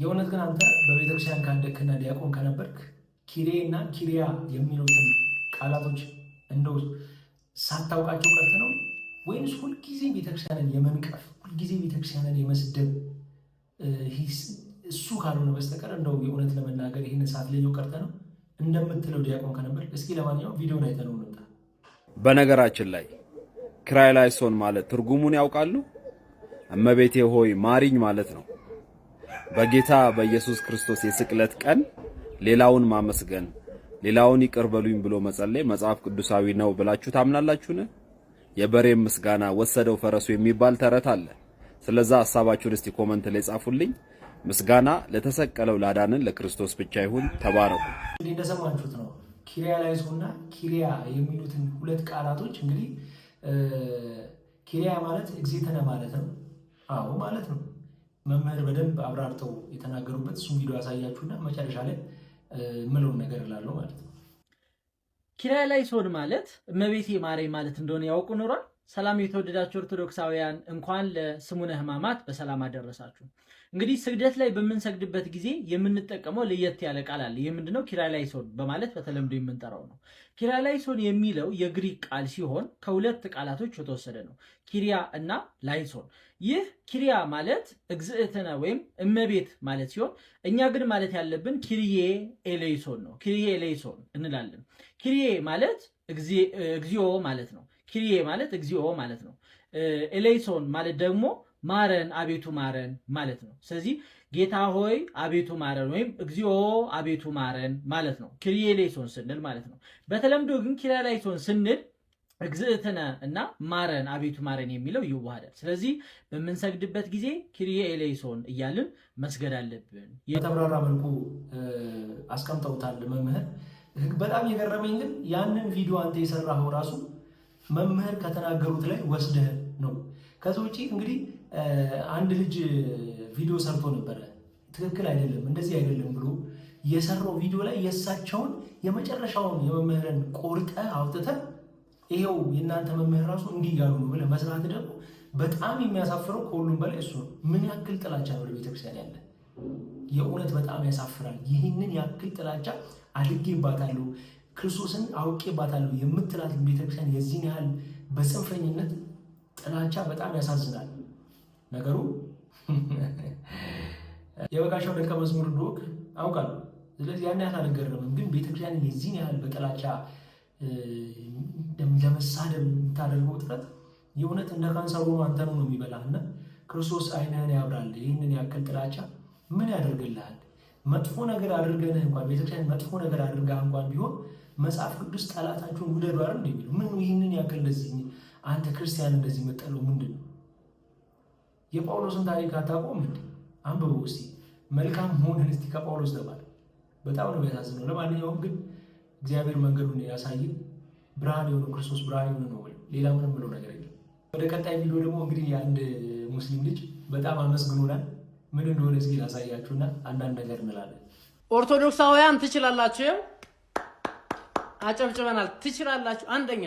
የእውነት ግን አንተ በቤተክርስቲያን ካደግክና ዲያቆን ከነበርክ ኪሬ እና ኪሪያ የሚሉትን ቃላቶች እንደው ሳታውቃቸው ቀርት ነው ወይንስ ሁልጊዜ ቤተክርስቲያንን የመንቀፍ ሁልጊዜ ቤተክርስቲያንን የመስደብ እሱ ካልሆነ በስተቀር እንደው የእውነት ለመናገር ይህን ሳትለየው ቀርተ ነው እንደምትለው ዲያቆን ከነበር እስኪ ለማንኛውም ላይ ተነው እንውጣ። በነገራችን ላይ ክራይላይሶን ማለት ትርጉሙን ያውቃሉ? እመቤቴ ሆይ ማሪኝ ማለት ነው። በጌታ በኢየሱስ ክርስቶስ የስቅለት ቀን ሌላውን ማመስገን ሌላውን ይቅር በሉኝ ብሎ መጸለይ መጽሐፍ ቅዱሳዊ ነው ብላችሁ ታምናላችሁን? የበሬ ምስጋና ወሰደው ፈረሱ የሚባል ተረት አለ። ስለዛ ሐሳባችሁን እስቲ ኮመንት ላይ ጻፉልኝ። ምስጋና ለተሰቀለው ላዳንን ለክርስቶስ ብቻ ይሁን። ተባረኩ። እንደሰማችሁት ነው ኪሪያ ላይሶና ኪሪያ የሚሉትን ሁለት ቃላቶች እንግዲህ ኪሪያ ማለት እግዜተነ ማለት ነው። አዎ ማለት ነው። መምህር በደንብ አብራርተው የተናገሩበት እሱም ቪዲዮ ያሳያችሁና መጨረሻ ላይ ምለውን ነገር እላለሁ ማለት ነው። ኪራይ ላይ ሶን ማለት እመቤቴ ማሬ ማለት እንደሆነ ያውቁ ኑሯል። ሰላም የተወደዳችሁ ኦርቶዶክሳውያን እንኳን ለስሙነ ሕማማት በሰላም አደረሳችሁ። እንግዲህ ስግደት ላይ በምንሰግድበት ጊዜ የምንጠቀመው ለየት ያለ ቃል አለ። ይህ ምንድነው? ኪርያላይሶን በማለት በተለምዶ የምንጠራው ነው። ኪርያላይሶን የሚለው የግሪክ ቃል ሲሆን ከሁለት ቃላቶች የተወሰደ ነው፣ ኪሪያ እና ላይሶን። ይህ ኪሪያ ማለት እግዝእትነ ወይም እመቤት ማለት ሲሆን እኛ ግን ማለት ያለብን ኪሪዬ ኤሌይሶን ነው። ኪሪዬ ኤሌይሶን እንላለን። ኪሪዬ ማለት እግዚኦ ማለት ነው። ኪሪዬ ማለት እግዚኦ ማለት ነው። ኤሌይሶን ማለት ደግሞ ማረን፣ አቤቱ ማረን ማለት ነው። ስለዚህ ጌታ ሆይ አቤቱ ማረን ወይም እግዚኦ አቤቱ ማረን ማለት ነው። ኪሪዬ ኤሌይሶን ስንል ማለት ነው። በተለምዶ ግን ኪሪያ ላይሶን ስንል እግዝእትነ እና ማረን አቤቱ ማረን የሚለው ይዋሃዳል። ስለዚህ በምንሰግድበት ጊዜ ኪሪየ ኤሌይሶን እያልን መስገድ አለብን። የተብራራ መልኩ አስቀምጠውታል መምህር። በጣም የገረመኝ ግን ያንን ቪዲዮ አንተ የሰራኸው ራሱ መምህር ከተናገሩት ላይ ወስደህ ነው። ከዚ ውጭ እንግዲህ አንድ ልጅ ቪዲዮ ሰርቶ ነበረ። ትክክል አይደለም እንደዚህ አይደለም ብሎ የሰራው ቪዲዮ ላይ የእሳቸውን የመጨረሻውን የመምህርን ቆርጠ አውጥተህ ይሄው የእናንተ መምህር ራሱ እንዲህ እያሉ ነው ብለህ መስራት ደግሞ በጣም የሚያሳፍረው ከሁሉም በላይ እሱ ነው። ምን ያክል ጥላቻ ነው ለቤተክርስቲያን ያለ? የእውነት በጣም ያሳፍራል። ይህንን ያክል ጥላቻ አድጌባታለሁ፣ ክርስቶስን አውቄባታለሁ የምትላት ቤተክርስቲያን የዚህን ያህል በጽንፈኝነት ጥላቻ በጣም ያሳዝናል ነገሩ። የበጋሻው ደቀ መዝሙር ልክ አውቃለሁ። ስለዚህ ያን ያህል አልገረምም፣ ግን ቤተክርስቲያን የዚህን ያህል በጥላቻ ለመሳደብ የምታደርገው ጥረት የእውነት እንደ ካንሰሩ አንተኑ ነው የሚበላ እና ክርስቶስ አይንህን ያብራል። ይህንን ያክል ጥላቻ ምን ያደርግልሃል? መጥፎ ነገር አድርገን እንኳን ቤተክርስቲያን መጥፎ ነገር አድርጋ እንኳን ቢሆን መጽሐፍ ቅዱስ ጠላታችሁን ውደዱ አይደል እንደ የሚለው ምን ይህንን ያክል እንደዚህ አንተ ክርስቲያን እንደዚህ መጠለው ምንድን ነው? የጳውሎስን ታሪክ አታውቀውም? ምንድ አንብበው እስቲ መልካም መሆንን እስቲ ከጳውሎስ ለማለት በጣም ነው የሚያሳዝነው። ለማንኛውም ግን እግዚአብሔር መንገዱን ያሳይን። ብርሃን የሆነው ክርስቶስ ብርሃን የሆነ ነው። ሌላ ምንም ብሎ ነገር የለም። ወደ ቀጣይ ቪዲዮ ደግሞ እንግዲህ የአንድ ሙስሊም ልጅ በጣም አመስግኖናል። ምን እንደሆነ እስኪ ላሳያችሁና አንዳንድ ነገር እንላለን። ኦርቶዶክሳውያን ትችላላችሁ፣ አጨብጭበናል። ትችላላችሁ። አንደኛ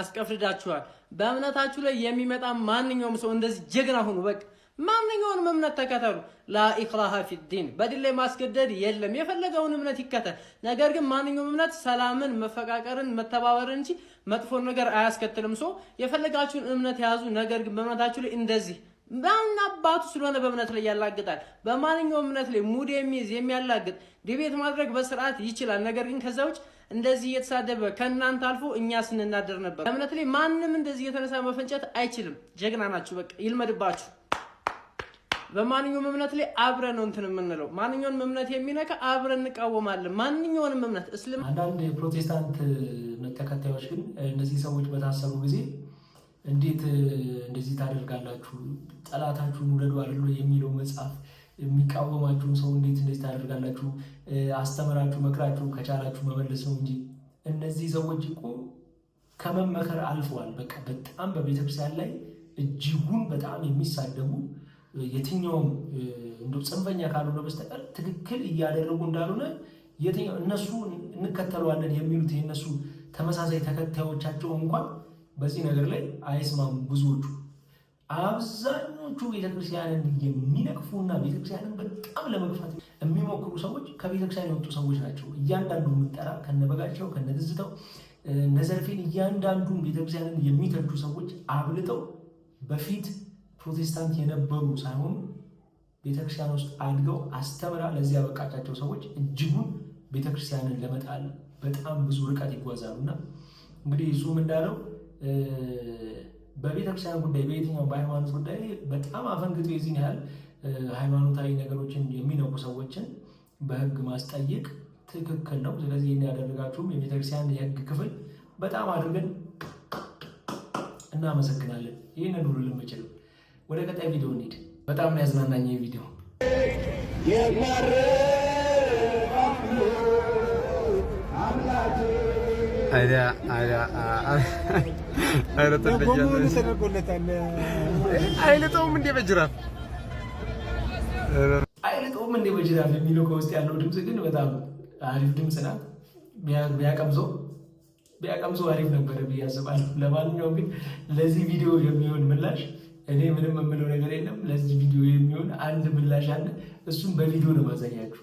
አስቀፍድዳችኋል። በእምነታችሁ ላይ የሚመጣ ማንኛውም ሰው እንደዚህ ጀግና ሁኑ በቃ ማንኛውንም እምነት ተከተሉ። ላኢክራሃ ፊዲን በዲን ላይ ማስገደድ የለም። የፈለገውን እምነት ይከተል። ነገር ግን ማንኛውም እምነት ሰላምን፣ መፈቃቀርን፣ መተባበርን እንጂ መጥፎ ነገር አያስከትልም። ሶ የፈለጋችሁን እምነት ያዙ። ነገር ግን በእምነታችሁ ላይ እንደዚህ ማን አባቱ ስለሆነ በእምነት ላይ ያላግጣል። በማንኛውም እምነት ላይ ሙድ የሚይዝ የሚያላግጥ ዲቤት ማድረግ በስርዓት ይችላል። ነገር ግን ከዛ ውጭ እንደዚህ እየተሳደበ ከእናንተ አልፎ እኛ ስንናደር ነበር። በእምነት ላይ ማንም እንደዚህ የተነሳ መፈንጨት አይችልም። ጀግና ናችሁ። በቃ ይልመድባችሁ። በማንኛውም እምነት ላይ አብረን ነው እንትን የምንለው። ማንኛውንም እምነት የሚነካ አብረን እንቃወማለን። ማንኛውንም እምነት እስልም። አንዳንድ የፕሮቴስታንት እምነት ተከታዮች ግን እነዚህ ሰዎች በታሰሩ ጊዜ እንዴት እንደዚህ ታደርጋላችሁ፣ ጠላታችሁን ውደዱ አይደሉ የሚለው መጽሐፍ የሚቃወማችሁን ሰው እንዴት እንደዚህ ታደርጋላችሁ፣ አስተምራችሁ መክራችሁ ከቻላችሁ መመለስ ነው እንጂ እነዚህ ሰዎች እኮ ከመመከር አልፈዋል። በቃ በጣም በቤተክርስቲያን ላይ እጅጉን በጣም የሚሳደቡ የትኛውም እንዲሁ ጽንፈኛ ካልሆነ በስተቀር ትክክል እያደረጉ እንዳልሆነ የትኛው እነሱ እንከተለዋለን የሚሉት የእነሱ ተመሳሳይ ተከታዮቻቸው እንኳን በዚህ ነገር ላይ አይስማሙ ብዙዎቹ አብዛኞቹ ቤተክርስቲያንን እና ቤተክርስቲያንን በጣም ለመግፋት የሚሞክሩ ሰዎች ከቤተክርስቲያን የወጡ ሰዎች ናቸው። እያንዳንዱ የምጠራ ከነበጋቸው ከነትዝተው ነዘርፌን እያንዳንዱን ቤተክርስቲያንን የሚተቹ ሰዎች አብልጠው በፊት ፕሮቴስታንት የነበሩ ሳይሆኑ ቤተክርስቲያን ውስጥ አድገው አስተምራ ለዚህ ያበቃቻቸው ሰዎች እጅጉን ቤተክርስቲያንን ለመጣል በጣም ብዙ ርቀት ይጓዛሉ እና እንግዲህ እሱም እንዳለው በቤተክርስቲያን ጉዳይ በየትኛው በሃይማኖት ጉዳይ በጣም አፈንግጦ የዚህን ያህል ሃይማኖታዊ ነገሮችን የሚነቁ ሰዎችን በህግ ማስጠየቅ ትክክል ነው። ስለዚህ ይህን ያደረጋችሁም የቤተክርስቲያን የህግ ክፍል በጣም አድርገን እናመሰግናለን። ይህንን ሁሉ ልምችለው ወደ ቀጣይ ቪዲዮ እንሂድ። በጣም ነው ያዝናናኝ ቪዲዮ። አይልጠውም እንዴ በጅራፍ እንዴ በጅራፍ የሚለው ከውስጥ ያለው ድምፅ ግን በጣም አሪፍ ድምፅ ናት። አሪፍ ነበረ ብዬ አስባለሁ። ለማንኛውም ግን ለዚህ ቪዲዮ የሚሆን ምላሽ እኔ ምንም የምለው ነገር የለም። ለዚህ ቪዲዮ የሚሆን አንድ ምላሽ አለ። እሱም በቪዲዮ ነው ማሳያችሁ።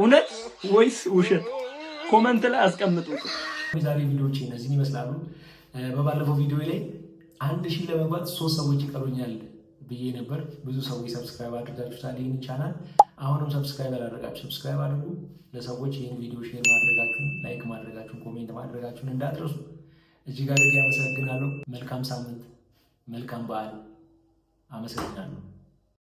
እውነት ወይስ ውሸት? ኮመንት ላይ አስቀምጡ። ዛሬ ቪዲዮዎች እነዚህን ይመስላሉ። በባለፈው ቪዲዮ ላይ አንድ ሺህ ለመግባት ሶስት ሰዎች ይቀሩኛል ብዬ ነበር። ብዙ ሰዎች ሰብስክራይብ አድርጋችሁታል ይህን ቻናል። አሁንም ሰብስክራይብ ያላደረጋችሁ ሰብስክራይብ አድርጉ። ለሰዎች ይህን ቪዲዮ ሼር ማድረጋችሁን፣ ላይክ ማድረጋችሁን፣ ኮሜንት ማድረጋችሁን እንዳትረሱ። እጅግ አድርጌ አመሰግናለሁ። መልካም ሳምንት፣ መልካም በዓል። አመሰግናለሁ።